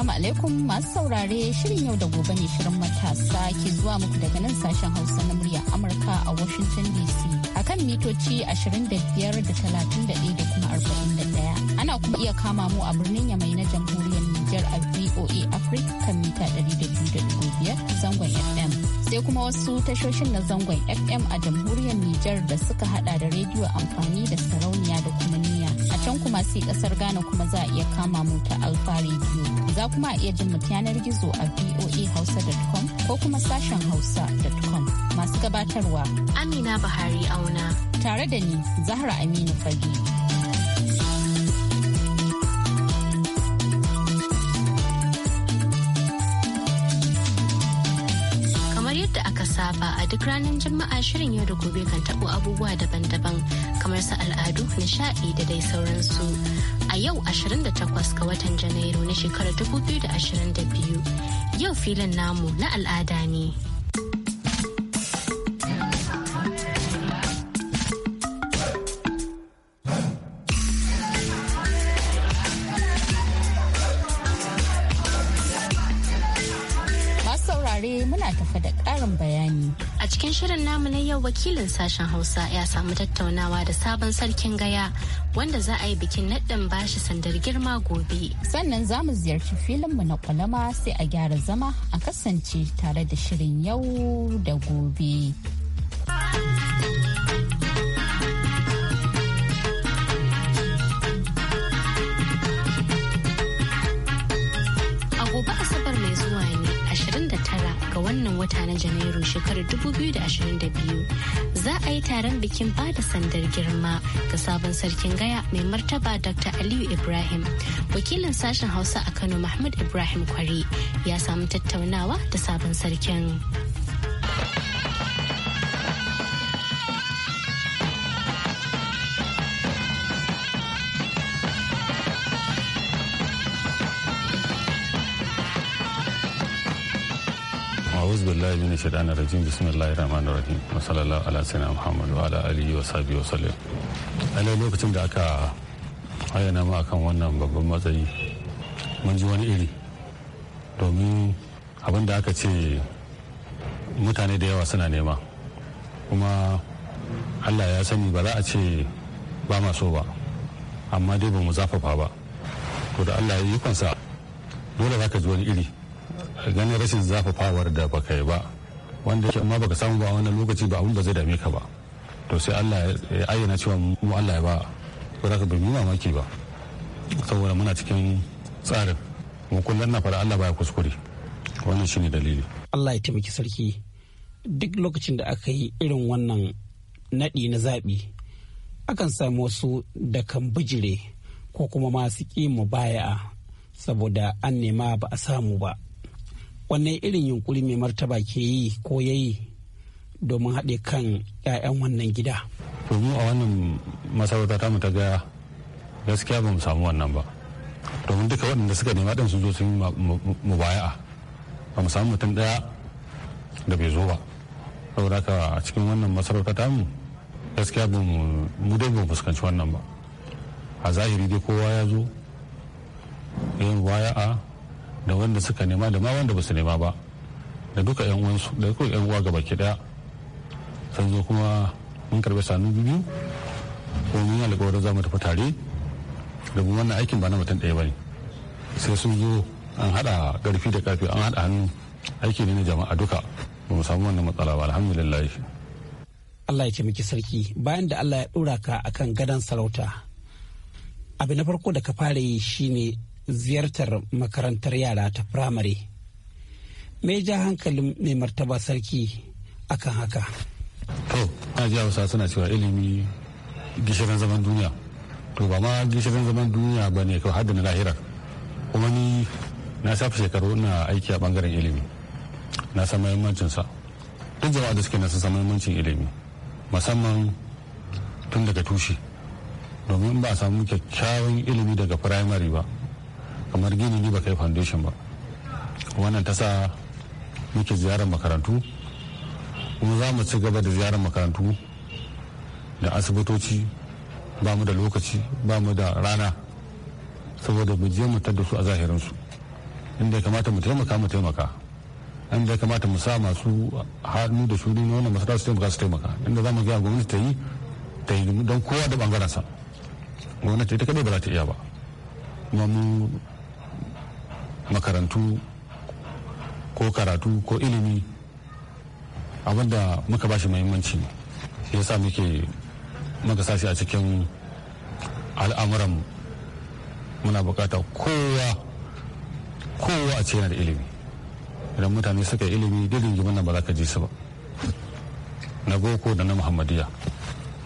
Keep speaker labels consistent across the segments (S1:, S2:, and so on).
S1: Assalamu alaikum masu saurare shirin yau da gobe ne shirin matasa ke zuwa muku daga nan sashen Hausa na murya Amurka a Washington DC a kan mitoci 25 da 31 da kuma 41. Ana kuma iya kama mu a birnin Yamai na jamhuriyar Nijar a VOA Africa kan mita 200.5 zangon FM. Sai kuma wasu tashoshin na zangon FM a jamhuriyar Nijar da suka hada da rediyo amfani da sarauniya da kuma can kuma sai kasar Ghana kuma za a iya kama mu ta Alfa Radio. Za kuma a iya jin mu yanar gizo a voahausa.com ko kuma sashen hausa.com. Masu gabatarwa Amina Bahari Auna. Tare da ni Zahra Aminu Fage.
S2: saba a duk ranar Juma'a shirin yau da gobe kan tabo abubuwa daban-daban kamar su al'adu, nishaɗi da dai sauransu. A yau 28 ga watan Janairu na shekarar 2022. Yau filin namu na al'ada ne. yau wakilin sashen hausa ya samu tattaunawa da sabon sarkin gaya wanda za a yi bikin naɗin bashi sandar girma gobe sannan za
S1: mu ziyarci mu na kwalama sai a gyara zama a kasance tare da shirin yau da gobe.
S2: wata na Janairu shekarar 2022 za a yi taron bikin Ba da sandar girma ga sabon sarkin gaya mai martaba Dr. Aliyu Ibrahim. Wakilin sashen Hausa a Kano Mahmud Ibrahim Kwari ya samu tattaunawa da sabon sarkin.
S3: billahi min shaitanir rajim bismillahir rahmanir rahim wa sallallahu ala sayyidina muhammad wa ala alihi wa sahbihi wa sallam a lokacin da aka ayyana mu akan wannan babban matsayi mun ji wani iri domin abin da aka ce mutane da yawa suna nema kuma allah ya sani ba za a ce ba ma so ba amma dai ba mu zafafa ba to da allah ya yi kansa dole za ka ji wani iri ganin rashin zafafawar da baka yi ba wanda yake amma baka samu ba wannan lokaci ba abun ba zai dame ka ba to sai Allah ya ayyana cewa mu Allah ya ba ko da ka bai mu mamaki ba saboda muna cikin tsarin mu kullum na fara Allah baya kuskure wannan shine dalili
S4: Allah ya taimaki sarki duk lokacin da aka yi irin wannan nadi na zaɓi akan samu wasu da kan bijire ko kuma masu ƙi mu baya saboda an nema ba a samu ba wannan irin yunkuri mai martaba ke yi ko ya yi domin haɗe kan 'ya'yan wannan gida
S3: Domin a wannan masarauta ta ta gaya gaskiya ba mu samu wannan ba domin duka waɗanda suka nema ɗin sun zo sun yi mubaya'a ba mu samu mutum ɗaya da bai zo ba saboda ka a cikin wannan masarauta ta mu gaskiya ba mu dai ba fuskanci wannan ba a zahiri dai kowa ya zo yin mubaya'a da wanda suka nema da ma wanda ba su nema ba da duka yan uwansu da duka yan uwa gaba baki daya sun zo kuma mun karbi sanu biyu ko mun yi alƙawari za mu tafi tare da mu wannan aikin ba na mutum ɗaya ba ne sai sun zo an haɗa ƙarfi da ƙarfi an haɗa hannu aiki ne na jama'a duka ba mu samu wannan matsala ba alhamdulillah
S4: Allah ya taimaki sarki bayan da Allah ya ɗora ka akan gadon sarauta abu na farko da ka fara yi shine ziyartar makarantar yara ta firamare Me ja hankalin mai martaba sarki akan haka
S3: to na ji hausa suna cewa ilimi gishirin zaman duniya to ba ma gishirin zaman duniya ba ne kawai haddana lahira. kuma ni na shafi shekaru na aiki a bangaren ilimi na san sa. duk jama'a da suke na san mahimmancin ilimi musamman tun daga tushe domin ba a samu kyakkyawan ilimi daga firamare ba kamar gini ne ba kai foundation ba wannan ta sa muke ziyarar makarantu kuma za mu ci gaba da ziyarar makarantu da asibitoci ba mu da lokaci ba mu da rana saboda mu je mu da su a zahirinsu inda ya kamata mu taimaka mu taimaka inda ya kamata mu sa masu hannu da shuri na wannan masana su taimaka su taimaka inda za mu gaya gwamnati ta yi ta yi don kowa da bangaren sa gwamnati ita kadai ba za ta iya ba kuma mu makarantu ko karatu ko ilimi abinda muka bashi muhimmanci ya sa muke muka sashi a cikin al'amuran muna bukata kowa kowa a cikin ilimi idan mutane suka yi ilimi didin gimin nan ba za ka ji su ba na boko da na muhammadiyya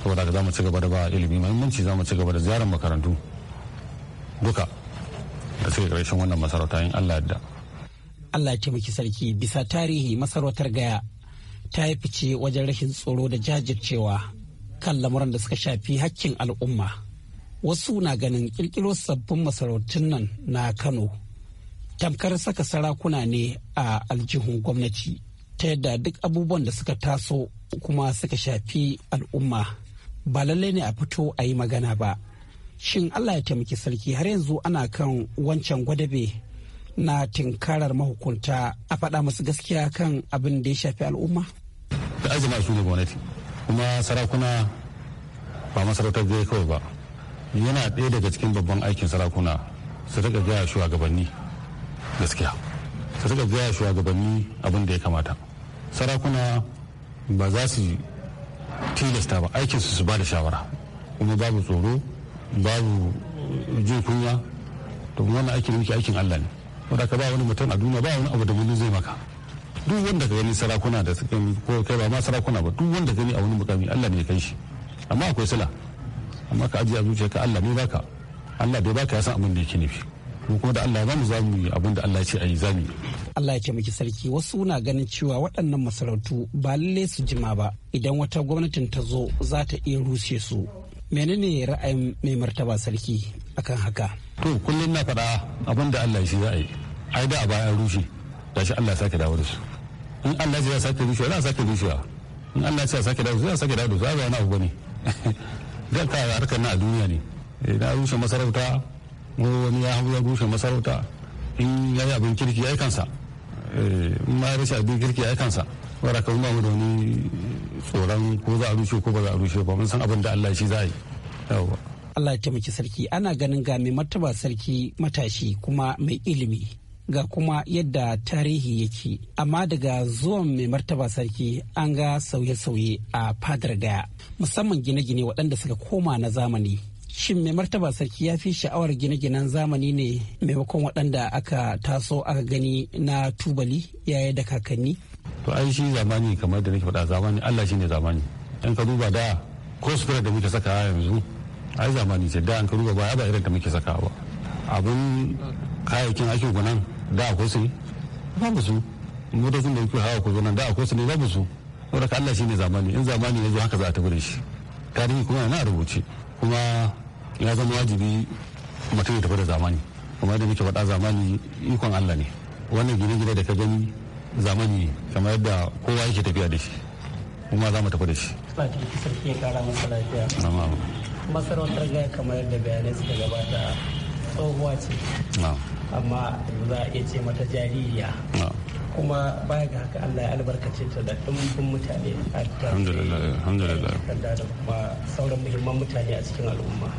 S3: saboda za mu ci gaba da ba ilimi muhimmanci za mu ci gaba da ziyarar makarantu duka da cikin rashin wannan masarauta in Allah da.
S4: Allah ya taimaki sarki bisa tarihi masarautar gaya ta yi fice wajen rashin tsoro da jajircewa kan lamuran da suka shafi hakkin al'umma. Wasu na ganin kirkiro sabbin masarautun nan na Kano tamkar saka sarakuna ne a aljihun gwamnati ta yadda duk abubuwan da suka taso kuma suka shafi al'umma ba lallai ne a fito a yi magana ba. shin allah ya taimaki sarki har yanzu ana kan wancan gwadabe na tinkarar mahukunta a faɗa musu gaskiya kan abin da ya shafi al'umma
S3: da azuma su ne gwamnati kuma sarakuna ba masarautar zai kawai ba yana ɗaya daga cikin babban aikin sarakuna su rika gaya shugabanni gaskiya su rika gaya shugabanni abin da ya kamata sarakuna ba za su tilasta ba aikinsu su ba da shawara kuma babu tsoro babu jin kunya to wannan aikin muke aikin Allah ne wanda ka ba wani mutum a duniya ba wani abu da wani zai maka duk wanda ka gani sarakuna da suka ko kai ba ma sarakuna ba duk wanda gani a wani mukami Allah ne ya kai shi amma akwai sala amma ka ajiye a zuciya ka Allah ne baka Allah bai baka ya san abin da yake nufi mu kuma da Allah ya bamu zamu yi abin da Allah ya ce ayi zamu yi
S4: Allah ya ce miki sarki wasu na ganin cewa waɗannan masarautu ba lalle su jima ba idan wata gwamnatin ta zo za ta iya rushe su menene ra'ayin mai martaba sarki akan haka
S3: to kullum na faɗa abin da Allah shi za a yi ai da a baya rushe da shi Allah sake dawo da su in Allah ya sake rushe za a sake rushewa in Allah ya sake dawo za a sake dawo da su ai ba wani abu bane dan ka harkar na a duniya ne eh, na rushe masarauta wani ya hau ya rushe masarauta in ya yi abin kirki ya yi kansa eh, in ma ya rashin abin kirki ya yi kansa wara ka ba mu da wani tsoron ko za a rushe ko ba za a rushe ba mun san abin da Allah shi za a yi yawa
S4: Allah ya taimaki sarki ana ganin ga mai martaba sarki matashi kuma mai ilimi ga kuma yadda tarihi yake amma daga zuwan mai martaba sarki an ga sauye-sauye a fadar gaya musamman gine-gine waɗanda suka koma na zamani shin mai martaba sarki ya fi sha'awar gine-ginen zamani ne maimakon waɗanda aka taso aka gani na tubali yaya da kakanni
S3: to ai shi zamani kamar da nake faɗa zamani Allah shine zamani in ka duba da ko sukura da muke saka yanzu ai zamani ce da an ka duba ba ba irin da muke saka ba abun kayayyakin ake gunan da sai su mu su motocin da yake hawa ku nan da ko su ne mu su saboda ka Allah shine zamani in zamani ya zo haka za ta tafi da shi tarihi kuma yana rubuce kuma ya zama wajibi mutum ya tafi da zamani kuma da muke faɗa zamani ikon Allah ne wannan gine-gine da ka gani zamani kamar yadda kowa yake tafiya da shi kuma za mu tafi da shi.
S4: sarki ya kara masa Masarautar gaya kamar yadda bayanai suka gabata tsohuwa ce. Amma za a iya ce mata jaririya. kuma baya ga haka Allah ya albarkace ta da ɗumbin mutane a da kuma sauran muhimman mutane a cikin al'umma.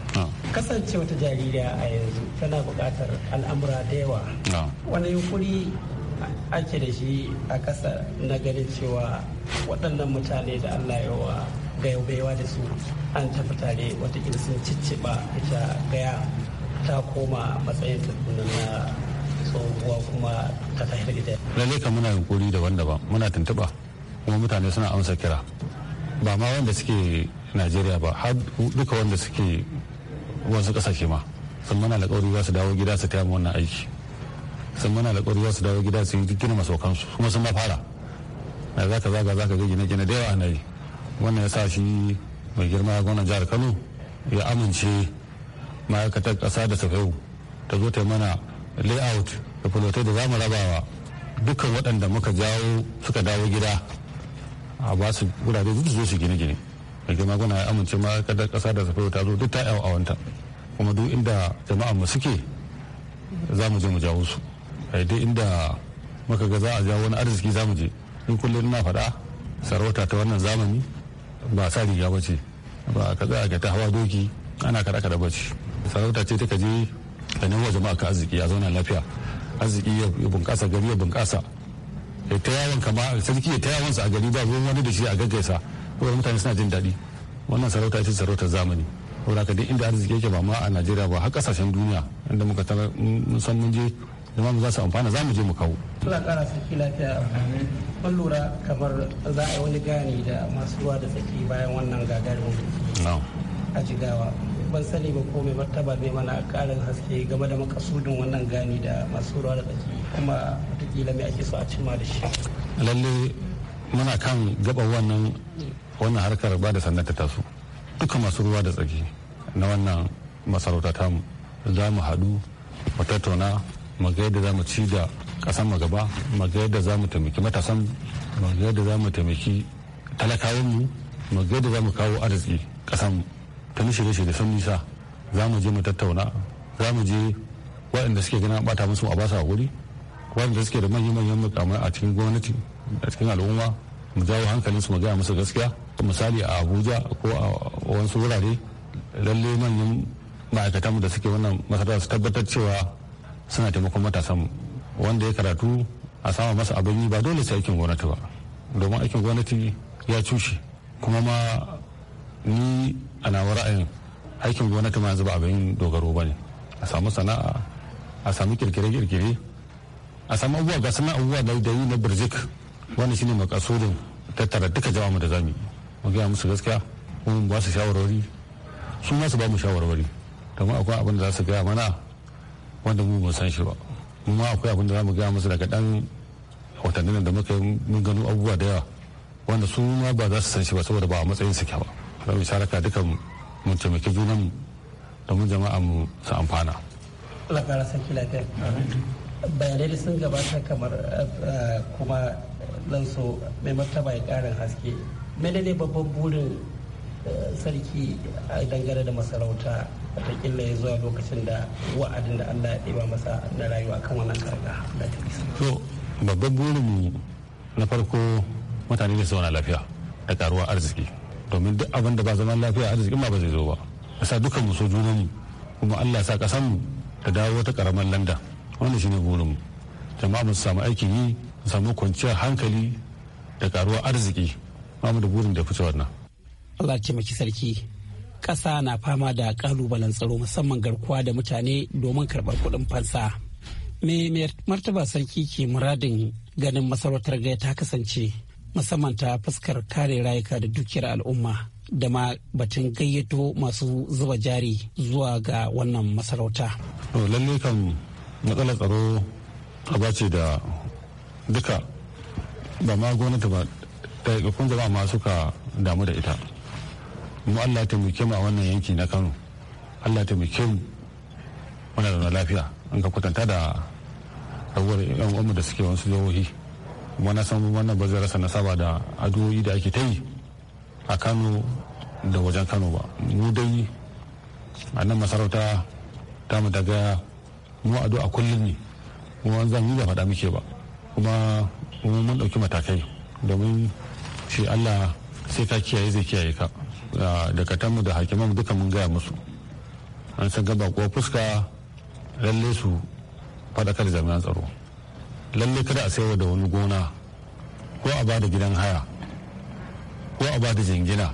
S4: Kasance wata jaririya a yanzu tana buƙatar al'amura da yawa. Wani yunkuri ake da shi a ƙasa na ganin cewa waɗannan mutane da allah yawa ga baiwa da su an tafi tare watakila sun cicciɓa ita gaya ta koma matsayin na tsohuwa kuma ta tafi gida.
S3: Lalle ka muna yunkuri daban-daban muna tuntuɓa kuma mutane suna amsa kira ba ma wanda suke najeriya ba har duka wanda suke wasu ƙasashe ma sun mana alƙawari za su dawo gida su taya wannan aiki sun mana da su dawo gida su yi sau kansu kuma sun mafara fara za ka zaga za ka ga gine-gine da yawa na yi wannan ya sa shi mai girma ya gwamnan jihar kano ya amince ma'aikatar ƙasa da safiyu ta zo ta yi mana layout da fulotai da za mu rabawa dukkan waɗanda muka jawo suka dawo gida a ba su wurare duk zo su gine-gine mai girma gwamna ya amince ma'aikatar ƙasa da safiyu ta zo duk ta a wanta kuma duk inda jama'an mu suke za mu je mu jawo su Eh, duk inda muka ga za a ja wani arziki zamu je in kullum na faɗa sarauta ta wannan zamani ba sa riga ba ce ba ka tsaya ka ta hawa doki ana kada kada ba ce sarauta ce ta kaje ka nemo jama'a ka arziki ya zauna lafiya arziki ya bunƙasa gari ya bunƙasa ya ta yawon kama sarki ya ta yawon sa a gari ba ruwan wani da shi a gaggaisa ko mutane suna jin daɗi wannan sarauta ce sarautar zamani saboda ka duk inda arziki yake ba ma a najeriya ba har kasashen duniya inda muka tara san mun je zama mu za su amfana za mu je mu kawo.
S4: Allah ƙara saki lafiya ban lura kamar za a yi wani gane da masu ruwa da tsaki bayan wannan gagarin a jigawa ban sani ba ko mai martaba ne mana ƙarin haske game da makasudin wannan gani da masu ruwa da tsaki kuma watakila mai ake so a cimma da shi.
S3: lalle muna kan gaba wannan wannan harkar ba da sannan ta taso duka masu ruwa da tsaki na wannan masarauta tamu za mu haɗu mu tattauna magai da za mu ci da kasan magaba gaba da ga za mu taimaki matasan mu da yadda za mu taimaki talakawan mu mu da za mu kawo arziki kasan ta shirye shirye sun nisa za mu je mu tattauna za mu je waɗanda suke gina bata musu a basa hakuri waɗanda suke da manyan manyan mukamai a cikin gwamnati a cikin al'umma mu jawo hankalin su mu gaya musu gaskiya misali a abuja ko a wasu wurare lalle manyan ma'aikatanmu da suke wannan masarar su tabbatar cewa suna taimakon matasan wanda ya karatu a sama masa abin yi ba dole sai aikin gwamnati ba domin aikin gwamnati ya cushe kuma ma ni a nawa ra'ayin aikin gwamnati ma yanzu ba abin dogaro ba ne a samu sana'a a samu kirkire-kirkire a samu abubuwa ga sana abubuwa da dai na birzik wani shine makasudin tattara duka jama'a da zamu mu gaya musu gaskiya mun ba su shawarwari su ma su ba mu shawarwari domin akwai abin da za su gaya mana wanda mu ba san shi ba mu ma akwai abin da za mu gaya musu daga dan watannin da muka yi mun gano abubuwa da yawa wanda su ma ba za su san shi ba saboda ba a matsayin su ke ba da mu duka mu taimaki junan mu domin jama'a mu su amfana.
S4: Allah sarki lafiya. Bayanai da sun gabata kamar eh, kuma zan so mai martaba ya karin haske. Menene babban burin eh, sarki dangane da masarauta watakila ya zuwa lokacin da wa'adin da allah ya ɗiba masa da rayuwa kan wannan karga
S3: da ta to babban burin na farko mutane da zauna lafiya da karuwa arziki domin duk abin da ba zaman lafiya arzikin ma ba zai zo ba sa dukan mu so junanmu kuma allah sa kasan mu ta dawo wata karamar landa wannan shine burin mu jama'a mu samu aikin yi mu samu kwanciyar hankali da karuwar arziki mu da burin da fice wannan
S4: Allah ya ce maki sarki kasa na fama da kalubalen tsaro musamman garkuwa da mutane domin karbar kuɗin fansa. Me martaba sarki ke muradin ganin masarautar gaya ta kasance musamman ta fuskar kare rayuka da dukiyar al'umma da ma batun gayyato masu zuba jari zuwa ga wannan masarauta.
S3: Lalle kan matsalar tsaro a ce da duka ba ma gwamnati ba ɗaiɗaikun jama'a ma suka damu da ita. mu Allah ya muke mu a wannan yanki na Kano Allah ya muke mu muna da lafiya in ka kwatanta da ragowar yan uwanmu da suke wasu jihohi kuma na san wannan ba zai rasa nasaba da addu'o'i da ake ta yi a Kano da wajen Kano ba mu dai a nan masarauta ta mu daga mu a kullum ne kuma zan yi ba faɗa muke ba kuma mun ɗauki matakai domin shi Allah sai ka kiyaye zai kiyaye ka da mu da hakiman duka mun gaya musu an san gaba ko fuska lalle su fadakar jami'an tsaro lalle kada a saiwa da wani gona ko a bada gidan haya ko a bada jingina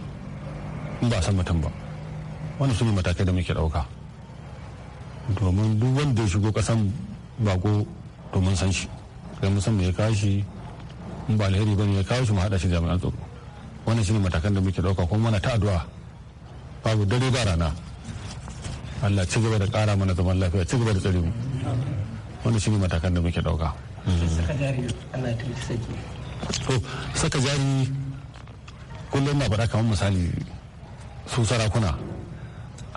S3: in ba san mutum ba wani su ne matakai da muke ɗauka domin duk wanda ya shigo kasan bako domin san shi kai musamman san me ya kashi in ba alheri ne ya kawo shi mu haɗa shi jami'an tsaro wannan shine matakan da muke dauka kuma muna ta addu'a babu dare ba rana Allah ci gaba da kara mana zaman lafiya ci gaba da tsare mu wannan shine matakan da muke dauka saka jari saka jari kullum na bada kamar misali su sarakuna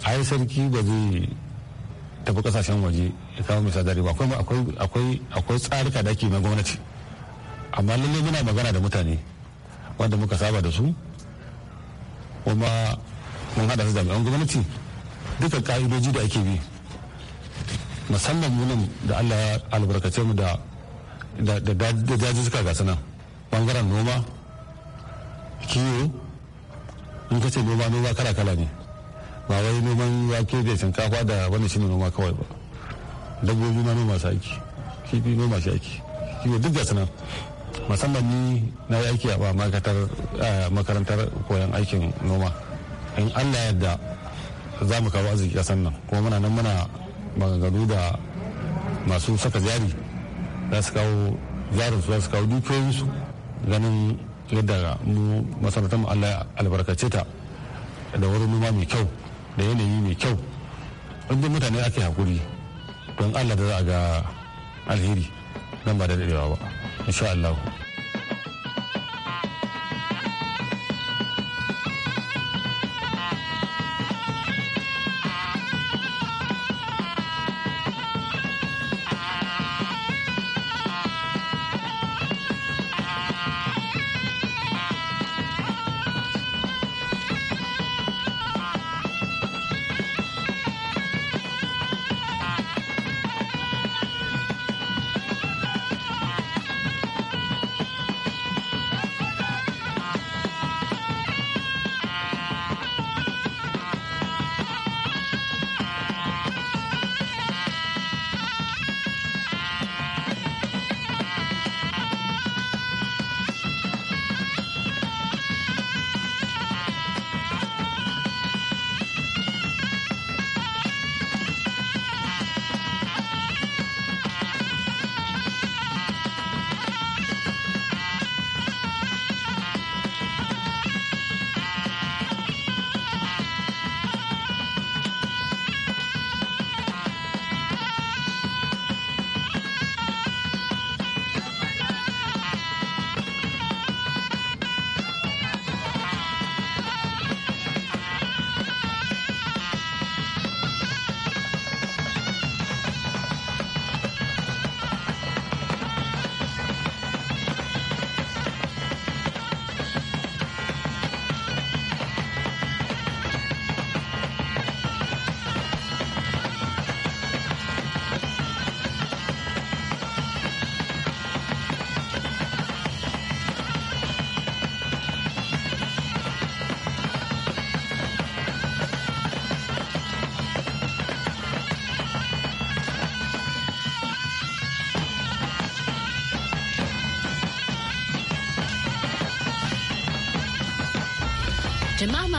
S3: a yi sarki ba zai tafi kasashen waje ya kama mai sadari ba akwai tsarika da ake mai gwamnati amma lallai muna magana da mutane wanda muka saba da su kuma mun hada su jami'an gwamnati duka ka'idoji da ake bi musamman munan da allah ya albarkace mu da suka ga suna bangaren noma kiwo in ka ce noma noma kala kala ne ba wai noman wake da shinkafa da wani shine noma kawai ba dabbobi ma noma shi aiki kifi noma shi aiki kiwo duk da suna musamman ni na yi aiki a makarantar koyon aikin noma in allah yadda za mu kawo arziki kasan nan kuma muna nan muna maganganu da masu saka jari za su kawo jarin su za su kawo dukiyoyinsu ganin yadda mu masarautar mu allah albarkace ta da wurin noma mai kyau da yanayi mai kyau inda mutane ake hakuri don allah da za a ga alheri nan ba da daɗewa ba insha Allah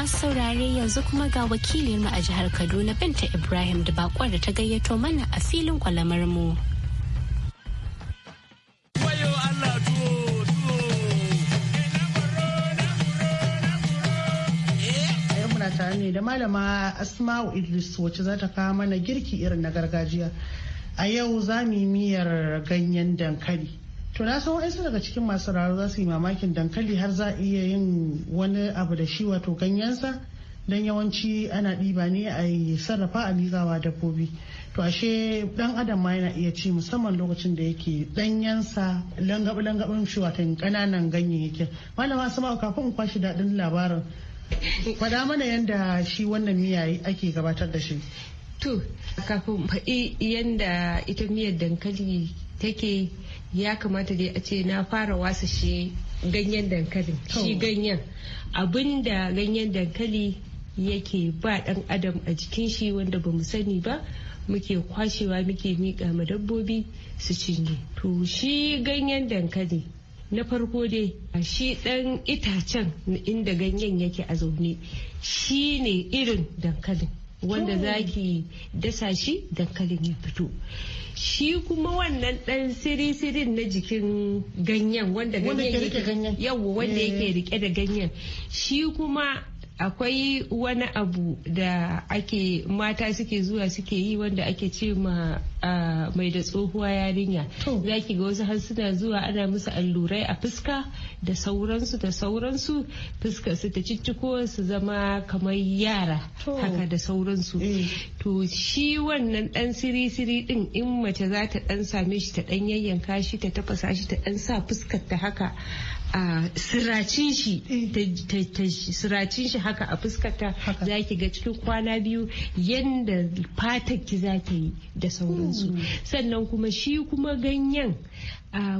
S2: saurare yanzu kuma ga wakilinmu a jihar Kaduna Binta Ibrahim da bakwar da ta gayyato mana a filin kwalamar mu.
S5: tare ne da malama asma'u idris wacce za ta kawo mana girki irin na gargajiya a yau za mu yi miyar ganyen dankali to na san wa'ansu daga cikin masu raro za su yi mamakin dankali har za a iya yin wani abu da shi wato ganyensa don yawanci ana ɗiba ne a yi sarrafa a da dabbobi to ashe dan adam ma yana iya ci musamman lokacin da yake ɗanyensa langabu langabun shi watan ƙananan ganyayyakin malama asma'u kafin in kwashi daɗin labarin faɗa mana yadda shi wannan miya ake gabatar da shi to kafin faɗi yadda ita miyar dankali
S6: take ya kamata dai a ce na fara wasa shi ganyen dankalin shi ganyen abinda ganyen dankali yake ba dan adam a jikin shi wanda ba sani ba muke kwashewa muke miƙa ma dabbobi su cinye to shi ganyen dankali na farko dai a shi dan itacen inda ganyen yake a zaune shi ne irin dankalin wanda zaki dasa shi dankalin ya fito shi kuma wannan dan siri-sirin na jikin ganyen wanda ganyen Yawo wanda yake eh. rike da ganyen shi kuma akwai wani abu da ake mata suke zuwa suke yi wanda ake ce ma mai da tsohuwa yarinya za ki ga wasu har suna zuwa ana musu allurai a fuska da sauransu da sauransu fuska su ta cicciko su zama kamar yara haka da sauransu eh. to shi wannan dan siri-siri din in mace za ta dan same shi ta dan yayyanka shi ta tafasa shi ta dan sa fuskar ta haka a siracin shi eh. siracin shi haka a fuskarta za ki ga cikin kwana biyu yadda fatar ki za ta yi da sauransu kansu mm. sannan kuma shi kuma ganyen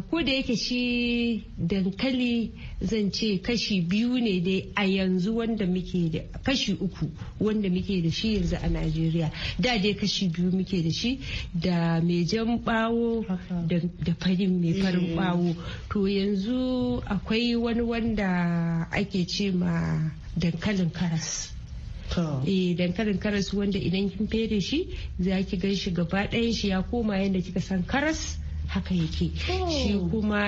S6: ko da yake shi dankali zan ce kashi biyu ne dai a yanzu wanda muke da kashi uku wanda muke da shi yanzu a najeriya da dai kashi biyu muke da shi da mai jan bawo da farin mai farin bawo eh. to yanzu akwai wani wanda ake ce ma dankalin karas eh dankalin karas wanda idan kin fere shi za ki gan shi gaba ɗayan shi ya koma yadda kika san karas haka yake shi kuma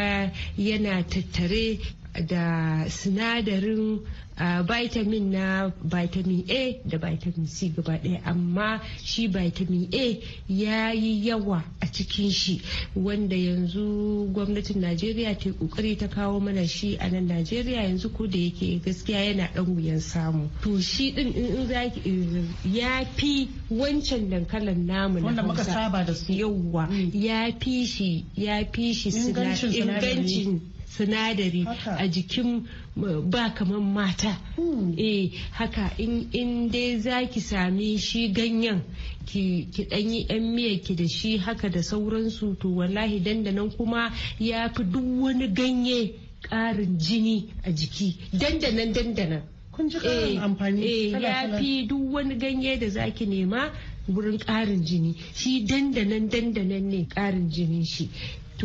S6: yana tattare da sinadarin ah, vitamin na vitamin a da vitamin c gaba ɗaya amma shi vitamin a ya yi yawa a cikin shi wanda yanzu gwamnatin najeriya ta kokari ta kawo mana shi a nan najeriya yanzu ko da yake gaskiya yana ɗan wuyan samu to shi ɗin in za ya fi wancan dankalin namu na su yawa mm. ya fi shi ya fi shi ingancin sinadari a jikin ba kaman mata hmm. eh haka in dai za ki sami shi ganyen ki ɗanyi 'yan miyar ki da shi haka da sauransu to wallahi dandanan kuma ya fi duk wani ganye ƙarin jini a jiki dandanan dandanan kun eh, eh, ya fi duk wani ganye da zaki nema wurin ƙarin jini shi dandanan dandanan ne ƙarin jinin shi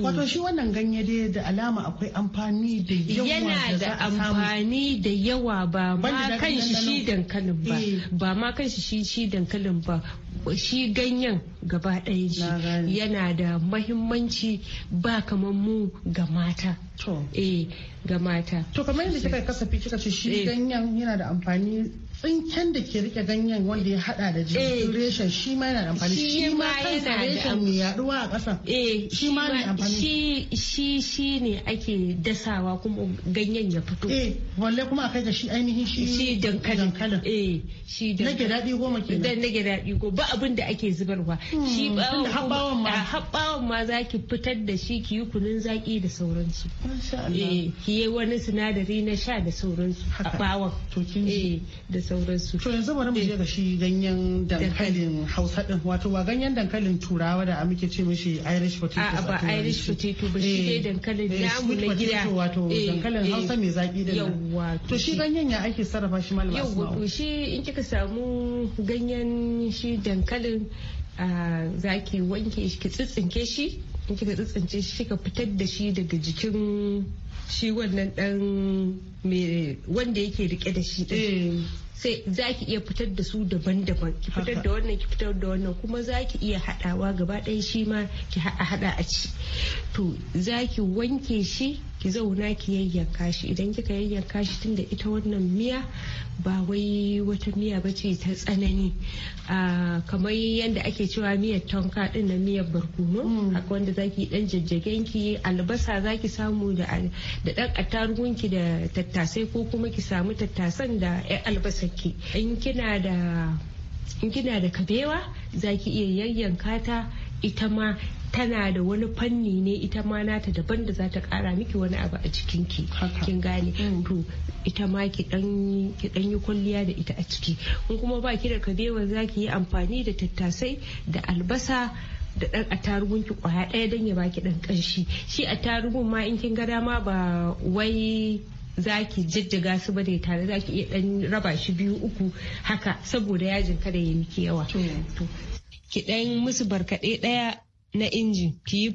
S5: Wato shi wannan ganye dai da alama akwai amfani da yawa Yana da amfani da yawa ba ma kan shi shi dankalin ba. Eh. Ba ma
S6: kan shi shi shi dankalin ba. Shi ganyen gaba ɗaya ji yana da mahimmanci
S5: ba kamar mu ga mata. To. Eh ga mata. To kamar yadda kika kasafi kika ce shi eh. ganyen yana da amfani tsinken da ke rike ganyen wanda ya hada da jirgin eh. reshen shi ma yana da amfani shi ma yana da mai yaduwa a kasa eh, shi ma ne amfani
S6: shi shi ne ake dasawa kuma ganyen ya fito eh walle kuma akai da shi ainihin shi shi dankalin eh shi dankalin nake dadi goma ke dan nake dadi go ba abin da ake zubarwa hmm, shi ba habbawan ma habbawan ma zaki fitar da shi ki yi kunun zaki da sauransu eh ki yi wani sinadari na sha da
S5: sauransu habbawan to kin eh da sauransu. To yanzu bari mu je ga shi ganyen dankalin Hausa din wato wa ganyen dankalin Turawa da muke ce mishi Irish potato. A'a ba Irish potato ba shi dai eh, dankalin eh, namu na gida. Wato eh, dankalin Hausa mai zaki din Yawwa. To shi ganyen ya ake sarrafa shi malama Yawwa to shi in kika samu ganyen
S6: shi dankalin za ki wanke shi ki tsitsinke shi in kika tsitsince shi kika fitar da shi daga jikin shi wannan dan wanda yake rike da shi sai za ki iya fitar da su daban-daban ki fitar da wannan ki fitar da wannan kuma za ki iya haɗawa gaba ɗaya shi ma ki haɗa haɗa a ci to za ki wanke shi ki zauna ki yayyanka shi idan kika yayyanka shi tun da ita wannan miya ba wai wata miya ba ce ta tsanani ah, kamar yadda ake cewa miyar tonka din na miyar barkono mm. haka wanda zaki dan jajjagen ki albasa zaki samu da dan attarugun ki da tattasai ko kuma ki samu tattasan da yan albasar ki in kina da in kina da kabewa zaki iya yayyanka ta ita ma tana da wani fanni ne ita ma nata daban da za ta kara miki wani abu a cikin ki kin gane mm. to ita ma ki dan ki dan yi kwalliya da ita a ciki kun kuma ba ki da kabewa za ki yi amfani da tattasai da albasa da dan attarugun ki kwaya daya dan ya baki dan kanshi shi attarugun ma in kin ga dama ba wai za ki jijjiga su ba da tare za ki iya dan raba shi biyu uku haka saboda yajin kada ya miki yawa ki dan musu barkade ɗaya na injin ki yi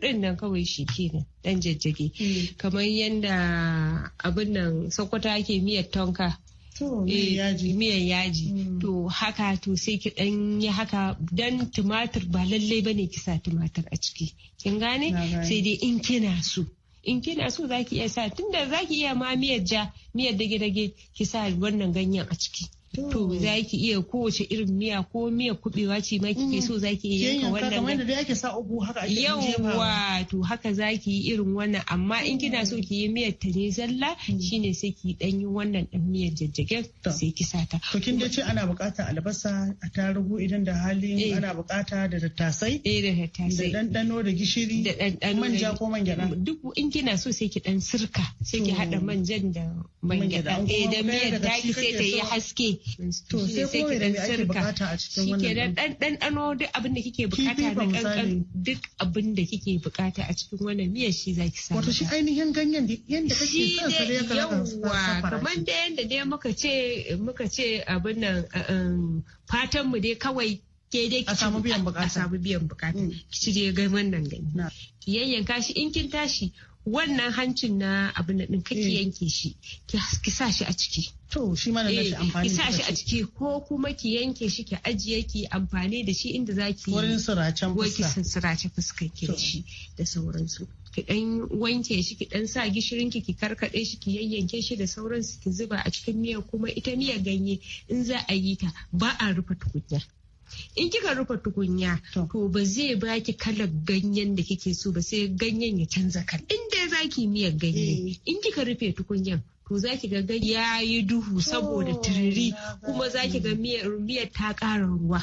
S6: din nan kawai shi nan dan jajjage hmm. kamar yadda abin nan sokoto ake miyar tonka miyan eh, yaji hmm. to haka to sai ki dan yi haka dan tumatir ba lallai bane ki sa tumatir a ciki kin gane sai dai in kina so in kina so zaki iya sa tunda zaki iya ma miyar ja miyar dage-dage ki sa wannan ganyen a ciki to za ki iya kowace irin miya ko miya kubewa ce ma kike mm-hmm. so za ki iya yanka wannan kamar yadda
S5: ake sa ugu haka ake
S6: to haka za ki yi irin wannan amma in kina so ki yi miyar ta ne zalla mm-hmm. shine sai
S5: ki dan yi wannan dan miyar jajjagen sai ki ta to kin dai ce ana bukata albasa a tarugu idan da halin eh. ana bukata da tattasai eh da tattasai da dandano da gishiri da dandano manja ko man duk in kina so sai ki dan sirka sai ki hada manjan da
S6: man eh da miyar taki sai ta yi haske to sai ko me ake bukata a cikin wannan shikenan dan dandano duk abin da kike bukata na kankan duk abin da kike bukata a cikin wannan miyar shi zaki samu wato shi
S5: ainihin ganyen yanda kake son sa da ya yawa kamar
S6: da yanda dai muka ce muka ce abin nan um, fatan mu dai kawai ke dai a samu biyan bukata a samu biyan bukata mm. ki cire ga wannan gani ki yayyanka shi in kin tashi wannan hancin na abin da ɗin kake eh. yanke shi ki sa shi a ciki to shi mana da shi eh, amfani ki sa shi a ciki ko kuma ki yanke shi ki ajiye ki amfani da shi inda zaki wurin siracen fuska wurin siracen fuska ki shi da sauransu ki dan wanke shi ki dan sa gishirin ki ki karkade shi ki yayyanke shi da sauransu ki zuba a cikin miya kuma ita miya ganye in za a yi ta ba a rufe tukunya in kika rufe tukunya to ba zai baki kalar ganyen da kike so ba sai ganyen ya canza kala inda zaki miyar ganye eh. in kika rufe tukunyan to za ki ga ya yi duhu saboda tiriri kuma za ki ga miyar ta ƙara ruwa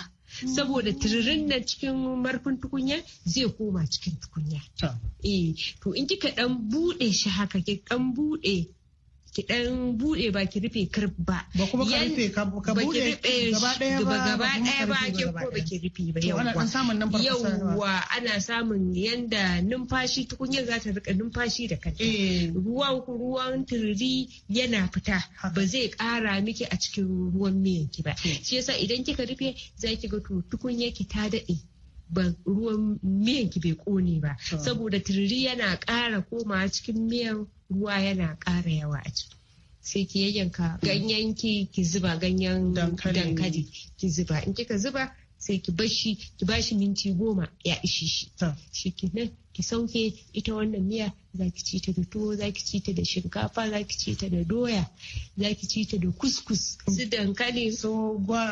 S6: saboda mm. tiririn nan cikin marfin tukunya zai koma cikin tukunya. to eh, in kika dan bude shi haka ki dan bude ki dan bude ba ki rufe kar ba ba kuma ka rufe ka bude gaba daya ba gaba daya ba ki ko ba ki rufe ba yawwa ana samun yanda numfashi tukunya za ta rika numfashi da kanta eh. ruwan ruwan tururi yana fita ba zai kara miki a cikin ruwan miyan ki ba eh. shi yasa idan kika rufe zaki ki ga tukunyar ki ta dade ruwan miyan ki bai kone ba hmm. saboda turiri yana ƙara komawa cikin miyan ruwa yana ƙara yawa a ciki sai ki yayyanka ganyen ki ki zuba ganyen dankali ki zuba in kika zuba sai ki bashi ki bashi minti goma ya ishi shi hmm. shikenan ki sauke ita wannan miya za ki ci ta da tuwo za ki ci ta da shinkafa za ki ci ta da doya za ki ci ta da kuskus su dankali su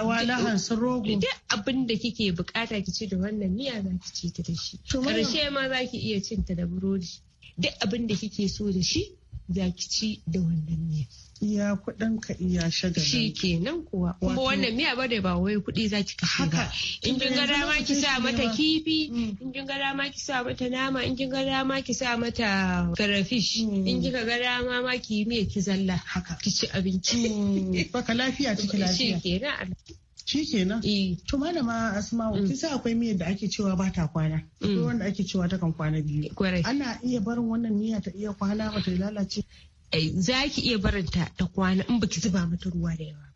S6: walahan su rogo duk abin da kike bukata ki ci da wannan miya za ki ci ta da shi karshe ma za ki iya cin ta da burodi duk abin da kike so da shi ya kici da wannan miya.
S5: Iya kuɗin ka iya shagalin. Shi ke nan kuwa. Kuma wannan
S6: miya ba da ba wai kuɗi za ki kashe ba. In kin ga dama ki sa mata kifi, mm. in kin ga dama ki sa mata nama, in kin ga dama ki sa mata karafish, mm. in kika ga dama ma ki yi miya ki zalla. Haka.
S5: Ki ci abinci. Mm. Baka lafiya ciki lafiya. Shi nan. shikenan eh. to malama asma'u mm. kin sai akwai miyar da ake cewa ba ta kwana akwai mm. wanda ake cewa ta kan kwana biyu eh, ana iya barin wannan miya ta iya kwana ba ta lalace
S6: eh, za ki iya barinta ta kwana in baki zuba mata ruwa da yawa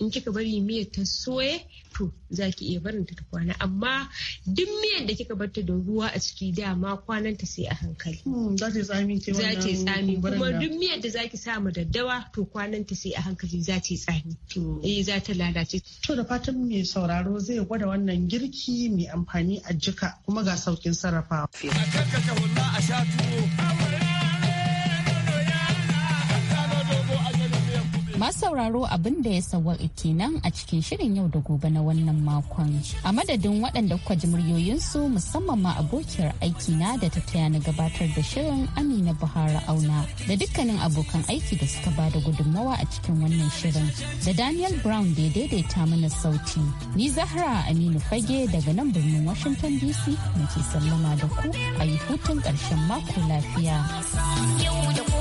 S6: in kika bari miyar ta soye to za ki iya barin ta kwana amma duk miyar da kika barta da ruwa a ciki dama kwanan hmm, ta sai a hankali za ta tsami za ta tsami kuma duk miyar da zaki sa mu daddawa
S5: to kwanan ta sai a hankali za ta tsami eh za ta lalace to da fatan mai sauraro zai gwada wannan girki mai amfani a jika kuma ga saukin sarrafawa a kankata
S3: wallahi a sha tuwo
S1: Masu sauraro abin da ya sawa'i kenan a cikin shirin yau da gobe na wannan makon. A madadin waɗanda kuka ji muryoyinsu musamman ma abokiyar na da ta taya na gabatar da shirin Amina Buhari Auna da dukkanin abokan aiki da suka bada gudunmawa a cikin wannan shirin. Da Daniel Brown da ya daidaita mana sauti. Ni Zahra Aminu Fage daga nan birnin Washington DC muke sallama da ku a yi hutun ƙarshen mako lafiya.